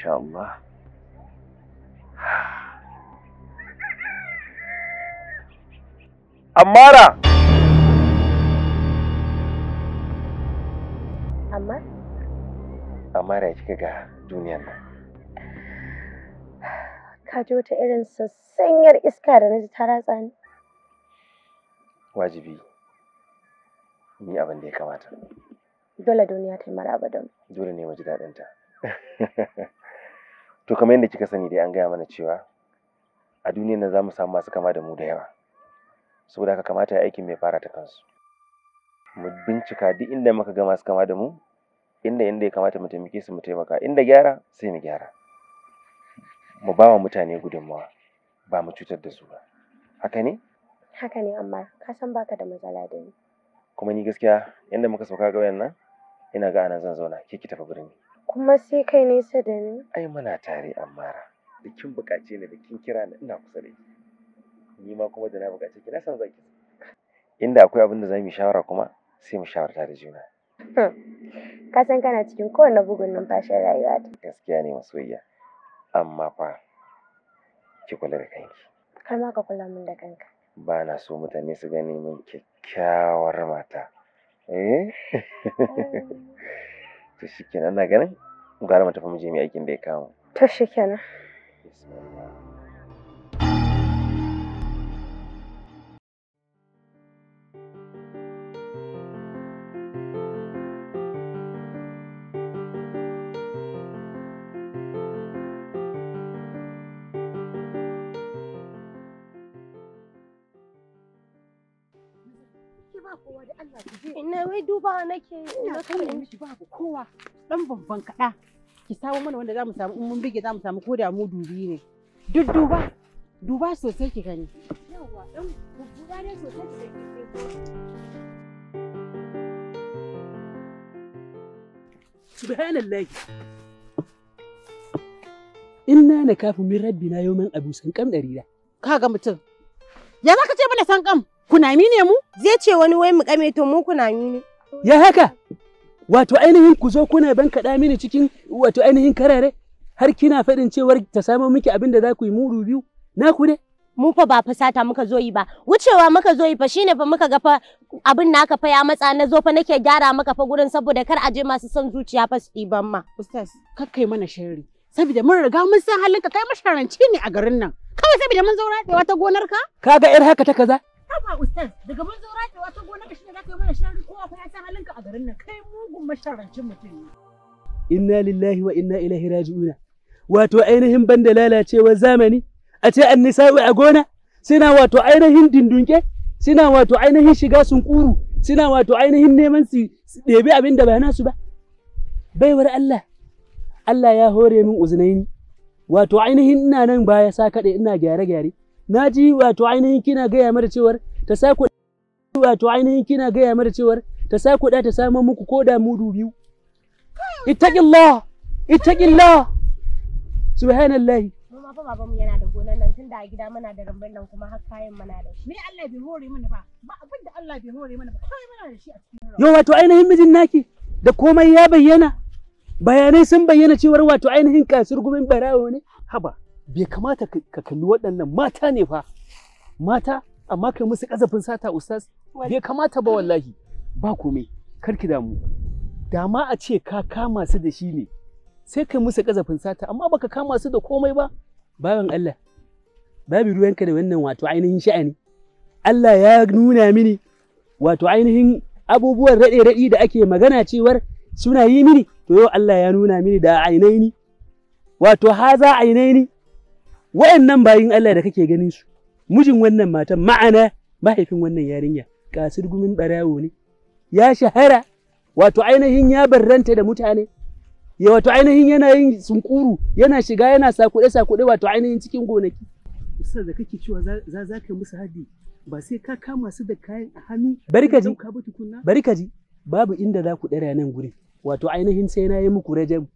Masya Allah. Ammara! Amma? Ammara ya cika ga duniyar nan. Ka ji wata irin sassanyar iska da na ji ta ratsa ni. Wajibi, ni abin da ya kamata. Dole duniya ta yi maraba don. Dole ne mu ji daɗinta. to kamar yadda kika sani dai an gaya mana cewa a duniyan nan za mu samu masu kama da mu da yawa saboda haka kamata ya aikin mai fara ta kansu mu bincika duk inda muka ga masu kama da mu inda inda ya kamata mu taimake su mu taimaka inda gyara sai mu gyara mu ba wa mutane gudunmawa ba mu cutar da su ba haka ne haka ne amma ka san baka da matsala da ni kuma ni gaskiya yanda muka sauka ga wayan nan ina ga anan zan zauna ke ki tafi birni Kuma sai kai nesa da ni? Ai muna tare amma Da Bikin buƙace ne da kira ne ina kusa da ki. Ni ma kuma da na bukace ki na san zaki. Inda akwai abin da za mu yi shawara kuma sai mu shawara tare juna. Ka san kana cikin kowane bugun numfashin rayuwa ta. Gaskiya ne masoyiya. Amma fa ki kula da kanki. Kai ma ka kula min da kanka. Ba na so mutane su gani min kyakkyawar mata. Eh? Oh. to shikenan ana ganin gara mu tafi mu je mu aikin da ya kawo to shikenan nake ina kan yi babu kowa samu mana wanda zamu samu in mun bige zamu ko da mu ne duk duba sosai ki gani yawa dan ne sosai na kafu abu sankam darira kaga mutum ya zaka ce mana sankam kunami ne mu zai ce wani wai mu kame to mu kunami ne ya haka wato ainihin ku zo kuna ban kaɗa mini cikin wato ainihin karare har kina faɗin cewar ta samo miki abin da za ku yi muru biyu na ku ne mu fa ba fasata muka zo yi ba wucewa muka zo yi fa shine fa muka ga fa abin naka fa ya matsa na zo fa nake gyara maka fa gurin saboda kar a je masu son zuciya fa su ɗiban ma ustaz kakkai mana sharri saboda mun riga mun san halinka kai masharanci ne a garin nan kawai saboda mun zo raɗewa ta gonarka kaga yar haka ta kaza Haba Ustaz, daga mun wata gona ka a garin nan. Kai mugun mutum ne. Inna lillahi wa inna ilaihi raji'una. Wato ainihin banda lalacewar zamani a ce annisa'u a gona suna wato ainihin dindunke suna wato ainihin shiga sunkuru suna wato ainihin neman su ɗebi abin da ba nasu ba. Baiwar Allah, Allah ya hore min uzunaini. Wato ainihin ina nan baya sa kaɗai ina gyare-gyare. na ji wato ainihin kina gaya mata cewar ta sa ku wato ainihin kina gaya mata cewar ta sa ku ta samu muku ko da mudu biyu ittaqillah ittaqillah subhanallahi kuma fa babanmu yana da gonan nan tunda a gida muna da rambin nan kuma har kayan muna da shi ni Allah bai hore mana ba ba abin da Allah bai hore mana ba kai muna da shi a cikin yo wato ainihin mijin naki da komai ya bayyana bayanai sun bayyana cewar wato ainihin kasir gumin barawo ne haba bai kamata ka kalli waɗannan mata ne fa mata amma kai musu ƙazafin sata ustaz bai kamata ba wallahi ba komai karki damu da ma a ce ka kama su da shi ne sai kai musu ƙazafin sata amma baka kama su da komai ba bayan Allah babu ruwanka da wannan wato ainihin sha'ani Allah ya nuna mini wato ainihin abubuwan raɗe-raɗi da ake magana cewar suna yi mini to yau Allah ya nuna mini da ainihin wato haza ainaini wa'annan bayin Allah da kake ganin su mijin wannan matan ma'ana mahaifin wannan yarinya kasir gumin barawo ne ya shahara wato ainihin ya barranta da mutane ya wato ainihin yana yin sunkuru yana shiga yana sakuɗe sakuɗe wato ainihin cikin gonaki Ustaz da kake cewa za za ka musu haddi ba sai ka kama su da kayan a hannu barkaji barkaji babu inda za ku dara nan guri wato ainihin sai na yi muku rajam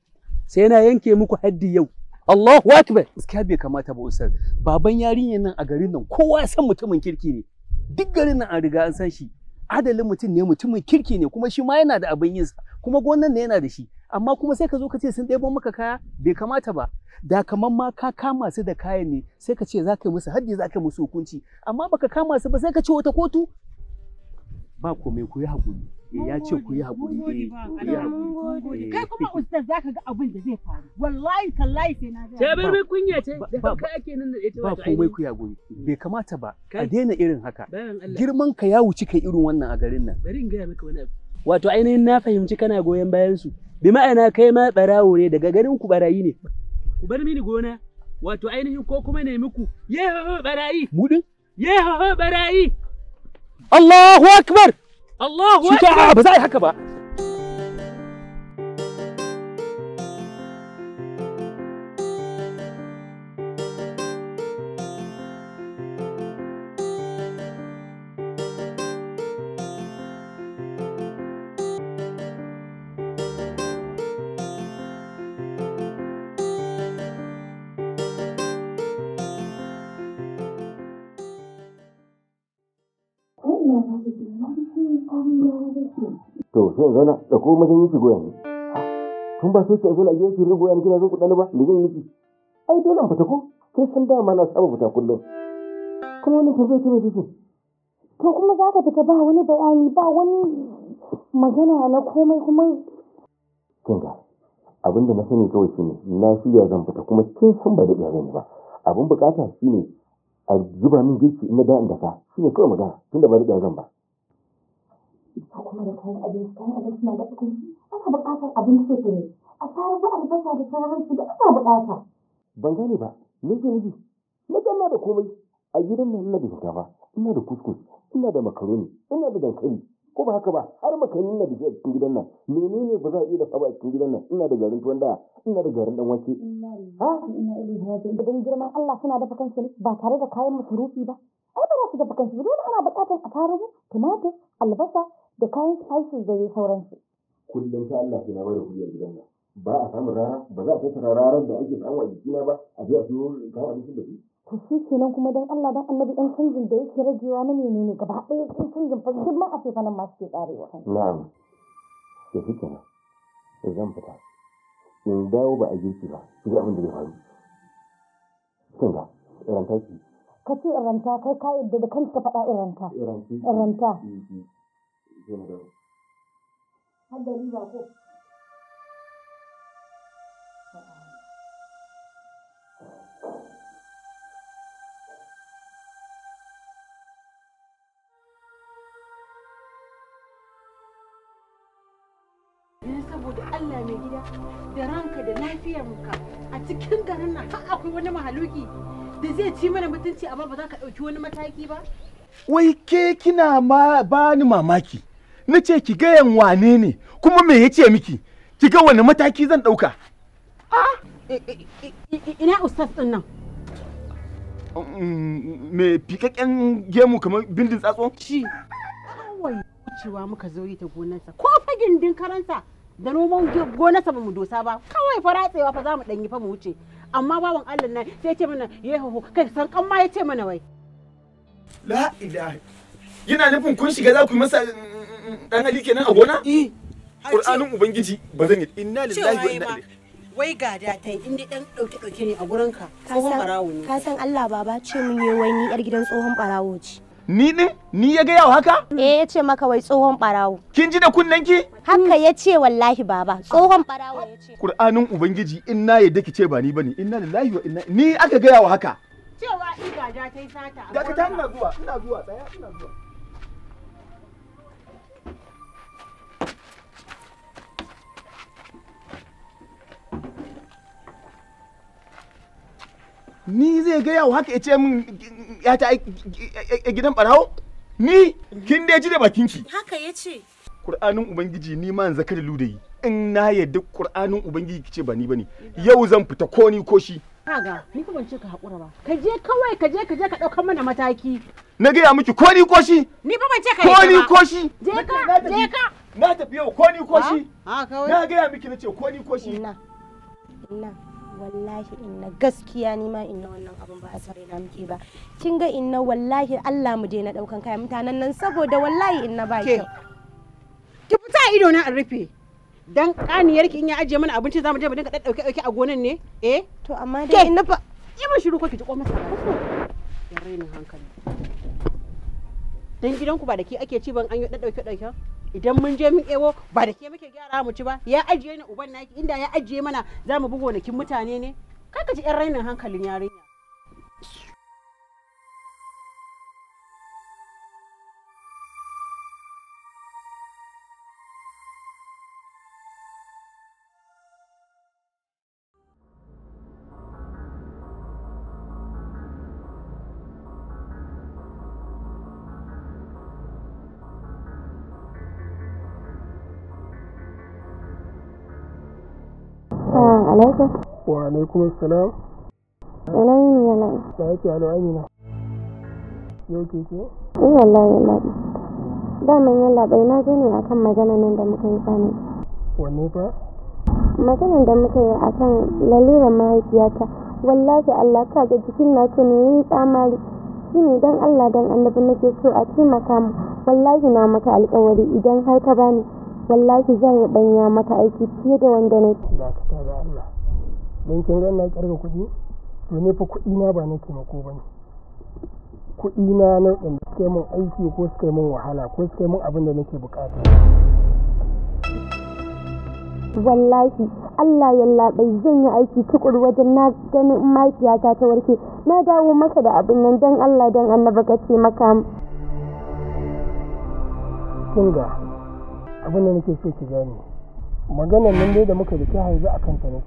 sai na yanke muku haddi yau Allahu akbar gaskiya bai kamata ba ustaz baban yarinyar nan a garin nan kowa ya san mutumin kirki ne duk garin nan an riga an san shi adalin mutum ne mutumin kirki ne kuma shi ma yana da abin yinsa. kuma gonan ne yana da shi amma kuma sai ka zo ka ce sun ɗebo maka kaya bai kamata ba da kamar ma ka kama su da kayan ne sai ka ce za ka yi musu haddi za ka yi musu hukunci amma baka kama su ba sai ka ce wata kotu ba komai ku yi haƙuri eh, ya ce ku yi haƙuri eh, ku yi haƙuri waje eh. kai kuma ustaz zaka ga abin da zai faru wallahi tallahi sai na ga ta bar mai kunya ce da kai ake nan da ita ba komai kuya gobe bai kamata ba a daina irin haka girman ka ya wuce kai irin wannan a garin nan bari in ga maka wani abu wato ainihin na fahimci kana goyon bayan su bi ma'ana kai ma barawo ne daga garin ku barayi ne ku bar mini gona wato ainihin ko kuma ne muku yeho barayi mu din yeho barayi Allahu akbar Allahu akbar ba za a yi haka ba to sai zauna da ko mazan yake goya ni kun ba sai ki zo na gidan ki rigo yan kina zo ku dani ba da zan miki ai dole in fita ko kai san dama na saba fita kullum kuma wani tafiya ce ne to kuma za ka fita ba wani bayani ba wani magana na komai kuma kinga abinda na sani kawai shine na shirya zan fita kuma kin san ba da zan ba abin bukata shine a zuba min girki na da inda ka shine kawai magana tunda ba da zan ba ita kuma da kayan abinci kayan abinci na da kuɗi ana buƙatar abin sufuri a fara da albasa da sauransu da ana buƙata. ban gane ba me ke nufi na ganna da komai a gidan nan ina da shinkafa ina da kuskus ina da makaroni ina da dankali ko ba haka ba har makaroni na da shi a cikin gidan nan menene ba za a iya da ba a cikin gidan nan ina da garin tuwon daya ina da garin dan wake ha ina ilimin hajji da girman Allah suna dafa kansu ne ba tare da kayan masarufi ba ai ba za su dafa kansu ba dole ana buƙatar a tare tumatir albasa da kayan price da very sauransu kullum sai Allah ke na da kuɗi a gidan nan ba a samun rara ba za a tara rarar da ake samu a jikina ba a je a siyo kawo abincin da su to shi kenan kuma dan Allah dan annabi dan canjin da yake ragewa na menene gaba ɗaya dan canjin fa duk ma a ce fanan ma suke karewa na'am to shi kenan zan fita in dawo ba a girki ba shi ga abin da ya faru kin ga ranta ki ka ce ranta kai ka yadda da kanta faɗa Ranta. Ranta. zo na dawo har ko eh, Allah mai gida da ranka da lafiyarka a cikin garin nan har akwai wani mahaluki da zai ci mana mutunci amma ba za ka ɗauki wani mataki ba? Wai ke kina ma bani mamaki. na ce ki ga wane ne kuma me ya ce miki ki ga wani mataki zan ɗauka ah, ina ustaz din nan mm, me fikakken gemu kamar bindin tsatso shi kawai wucewa muka zo yi ta gonarsa ko fagin din karanta da noman gonarsa ba mu dosa ba kawai faratsewa fa za mu ɗanyi fa mu wuce amma bawan allah nan sai ya ce mana yehoho kai sarkan ma ya ce mana wai la ilaha yana nufin kun shiga za ku masa dan ali kenan a gona eh qur'anin ubangiji ba zan yi inna lillahi wa inna ilaihi wai ga da ta yi inda dan dauke dauke ne a gurin ka tsohon barawo ne ka san Allah baba ce mun yi wai yar gidan tsohon barawo ce ni ne? ni ya gaya haka eh ya ce maka wai tsohon barawo kin ji da kunnen ki haka ya ce wallahi baba tsohon barawo ya ce qur'anin ubangiji inna yadda ki ce ba ni bane inna lillahi wa inna ni aka gaya wa haka cewa iga ta yi sata a gurin ka ina zuwa ina zuwa tsaya ina zuwa ni zai gaya wa haka ya ce min ya ta gidan barawo ni kin dai ji da bakinki haka ya ce Kur'anin Ubangiji ni ma zakar ludayi in na yadda Kur'anin Ubangiji kice ba ni bane yau zan fita ko ni ko shi kaga ni kuma ce ka hakura ba ka je kawai ka je ka je ka dauka mana mataki na gaya miki ko ni ko shi ni ba ban ce ka ko ni ko shi je ka je ka na tafi yau ko ni ko shi na gaya miki na ce ko ni ko shi na na wallahi inna gaskiya ni ma inna wannan abun ba a sare na muke ba kin ga inna wallahi Allah mu daina daukan kaya mutanen nan saboda wallahi inna ba ke ki fita ido na an rufe dan kaniyar ki in ya ajiye mana abinci zamu je mu dinga dauke dauke a gonan ne eh to amma dai inna fa yi mun shiru ko ki ji ko masa ya rainin hankali dan gidanku ba da ki ake ci ban an yi dauke dauke idan mun je mun ewo ba da ke muke gyara mu ci ba ya ajiye ni uban naki inda ya ajiye mana za mu bi gonakin mutane ne kaka ji yan rainin hankalin yarinya alaikum. Wa alaikum assalam. Yanayi ne yanayi. Da yake alo amina. Yau ke ce? Eh wallahi wallahi. Daman yalla bai na zo ne akan magana nan da muka yi sani. Wanne fa? Maganan da muka yi akan laluran mahaifiyata. Wallahi Allah ka ga jikin na ce ne yin tsamari. Shi ne dan Allah dan annabi nake so a taimaka mu. Wallahi na maka alƙawari idan har ka bani. wallahi zan rubanya maka aiki fiye da wanda na ke ba ka ga Allah dan kin ran na karga kuɗi to ne fa kuɗi na ba na taimako ne kuɗi na na ɗan suke min aiki ko suke min wahala ko suke min abin da nake bukata wallahi Allah ya laɓai zan yi aiki tukur wajen na ganin mahaifiyata ta warke na dawo maka da abin nan don Allah don annaba ka ce maka kinga abin nake so ki gane magana nan dai da muka da yanzu a kanta ne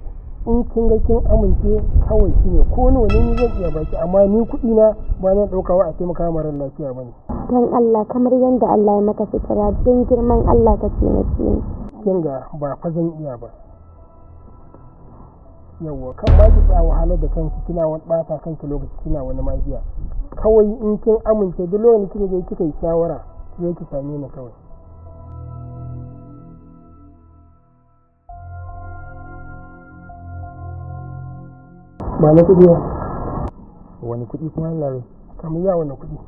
in kin ga kin amince kawai shi ne ko wani ne zan iya baki amma ni kuɗi na ba na ɗaukawa a taimaka marar lafiya bane dan Allah kamar yadda Allah ya maka fitara don girman Allah ka taimake ni kin ga ba fa zan iya ba yawwa kan ba ki tsaya wahalar da kanki kina wani ɓata kanki lokaci kina wani magiya kawai in kin amince duk lokacin da kika yi shawara zai ki same ni kawai ba na kuɗi ba wani kuɗi kuma lare kamar ya wani kuɗi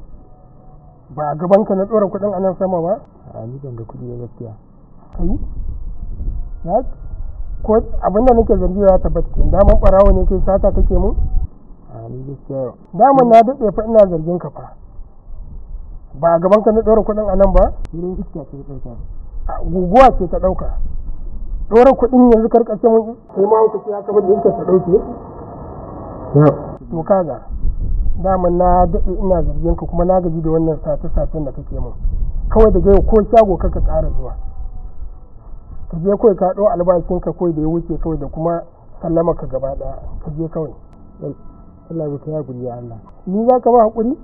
ba a gaban ka na tsoron kuɗin anan sama ba a ni ban da kuɗi ya gaskiya kai na ko abin da nake zargi ya tabbata daman ɓarawo ne kai sata kake mun a ni gaskiya daman na daɗe fa ina zargin ka fa ba a gaban ka na ɗora kuɗin a nan ba? Irin iska ce ɗauka. Guguwa ce ta ɗauka. tsoron kuɗin yanzu karkashin mun sai ma wuce ya kafa da yake ta ɗauke. to kaga daman na daɗe ina zargin ka kuma na gaji da wannan sace-sacen da kake mun kawai da gaiwa ko shago kaka tsara zuwa ka je kawai ka ɗau albashin ka kawai da ya wuce kawai da kuma sallama ka gaba ɗaya ka je kawai Allah ya kai hakuri ya Allah ni za ka ba hakuri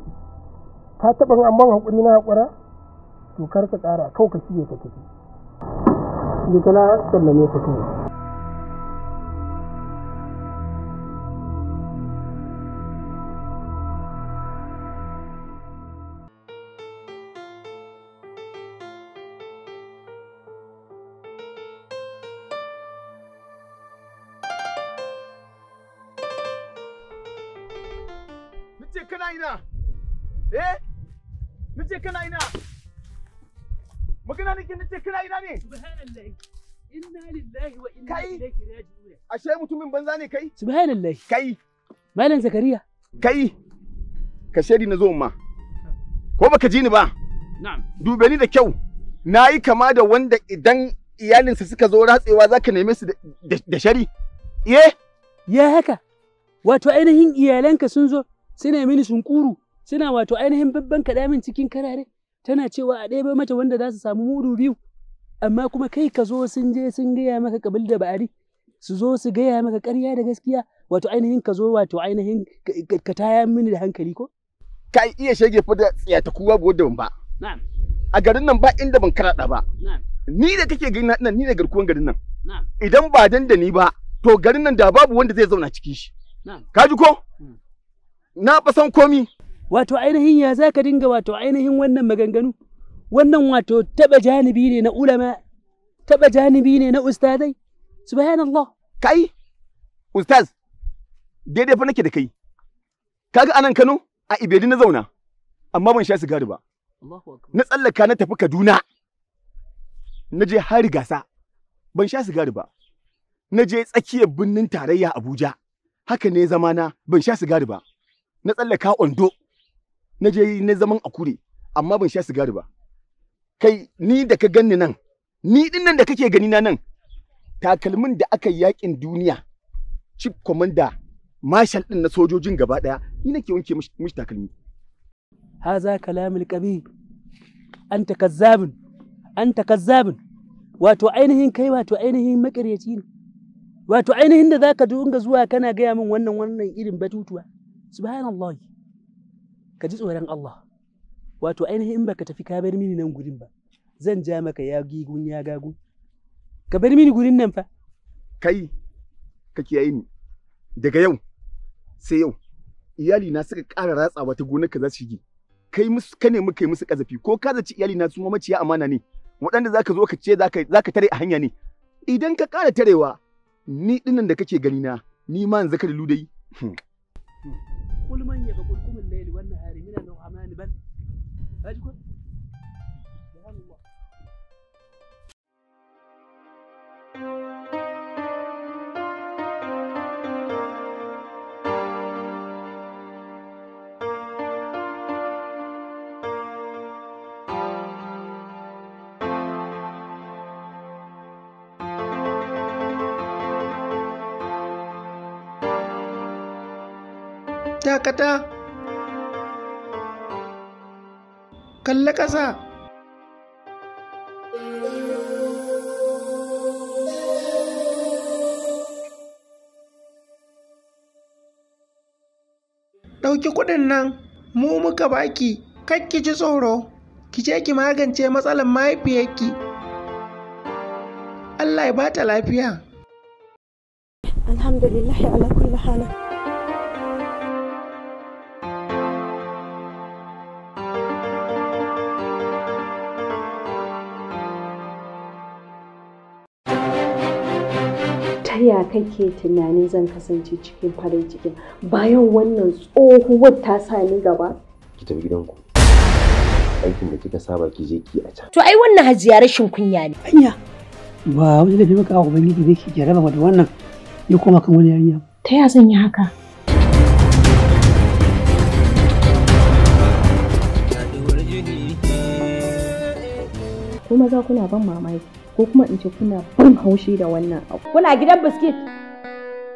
ka taɓa amma hakuri na hakura to kar ka tsara kawai ka shige ka tafi ni kana sallame ka kawai ce kana ina eh na ce kana ina magana nake na ce kana ina ne subhanallahi inna lillahi wa inna ilaihi raji'un ashe mutumin banza ne kai subhanallahi kai malam zakariya kai ka shedi na zo ma ko baka ji ni ba na'am dube ni da kyau nayi kama da wanda idan iyalinsa suka zo ratsewa zaka neme su da shari eh ya haka wato ainihin iyalanka sun zo suna mini sunkuru suna wato ainihin babban kaɗa min cikin karare tana cewa a ɗebe mata wanda za su samu mudu biyu amma kuma kai ka zo sun je sun gaya maka kabil da ba'ari su zo su gaya maka ƙarya da gaskiya wato ainihin ka zo wato ainihin ka taya mini da hankali ko ka iya shege fa da tsiyata kuwa ba ban ba a garin nan ba inda ban karaɗa ba ni da kake gani nan ni da garkuwan garin nan idan ba dan da ni ba to garin nan da babu wanda zai zauna cikin shi ka ji ko hmm. na fasan komi. Wato ainihin ya za ka dinga wato ainihin wannan maganganu, wannan wato taɓa janibi ne na ulama, taɓa janibi ne na ustazai, subhanallah. Kai, ustaz, daidai fa nake da kai, kaga anan Kano a Ibedi na zauna, amma ban sha sigari ba. Na tsallaka na tafi Kaduna, na je hari gasa, ban sha sigari ba. Na je tsakiyar birnin tarayya Abuja, haka ne zamana ban sha sigari ba. na tsallaka ondo na je na zaman akure amma ban sha sigari ba kai ni da ka ganni nan ni din nan da kake gani na nan takalmin da aka yi yakin duniya chief commander marshal din na sojojin gaba daya ni nake wanke mishi takalmi haza kalamul qabi anta kazzabun anta kazzabun wato ainihin kai wato ainihin makaryaci ne wato ainihin da zaka dunga zuwa kana gaya min wannan wannan irin batutuwa subhanallah ka ji tsoron Allah wato ainihin in baka tafi ka bar mini nan gurin ba zan ja maka ya gigun ya gagu ka bar mini gurin nan fa kai ka kiyaye ni daga yau sai yau iyali na suka ƙara ratsawa ta gonar ka za su shige kai musu ka ne muka yi musu kazafi ko ka zaci iyali na su maciya amana ne waɗanda zaka zo ka ce zaka zaka tare a hanya ne idan ka ƙara tarewa ni dinnan da kake gani na ni ma yanzu ka da hmm. قل من يقولكم الليل والنهار من الرحمن بل أجل سبحان الله kata-kata kalla ƙasa ɗauki kuɗin nan mu muka baki kakki ji tsoro ki je ki magance matsalar mahaifiyarki Allah ya bata lafiya alhamdulillah ala kulli halin ta ya kake tunanin zan kasance cikin farin cikin bayan wannan tsohuwar ta sa ni gaba ki tafi gidanku aikin da kika saba ki je ki a can to ai wannan hajiya rashin kunya ne anya ba wani laifi maka abu bane ne ke jaraba da wannan ya koma kan wani yarinya ta ya zan yi haka kuma za kuna ban mamaki ko kuma in ce kuna ban haushi da wannan abu kuna gidan biskit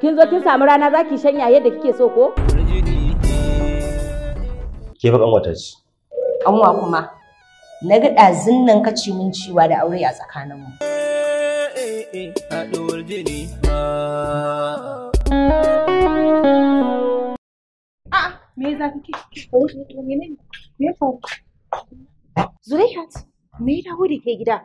kin zo kin samu rana za ki shanya yadda kike so ko ke fa wata ce kanwa kuma na ga ɗazin nan ka ci min ciwa da aure a tsakaninmu. Me me ya dawo da ke gida?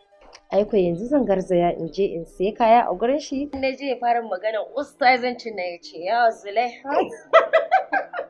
aiko yanzu zan garzaya in je in sai kaya a gurin shi na je fara magana ustazancin na ya ce yawa zule.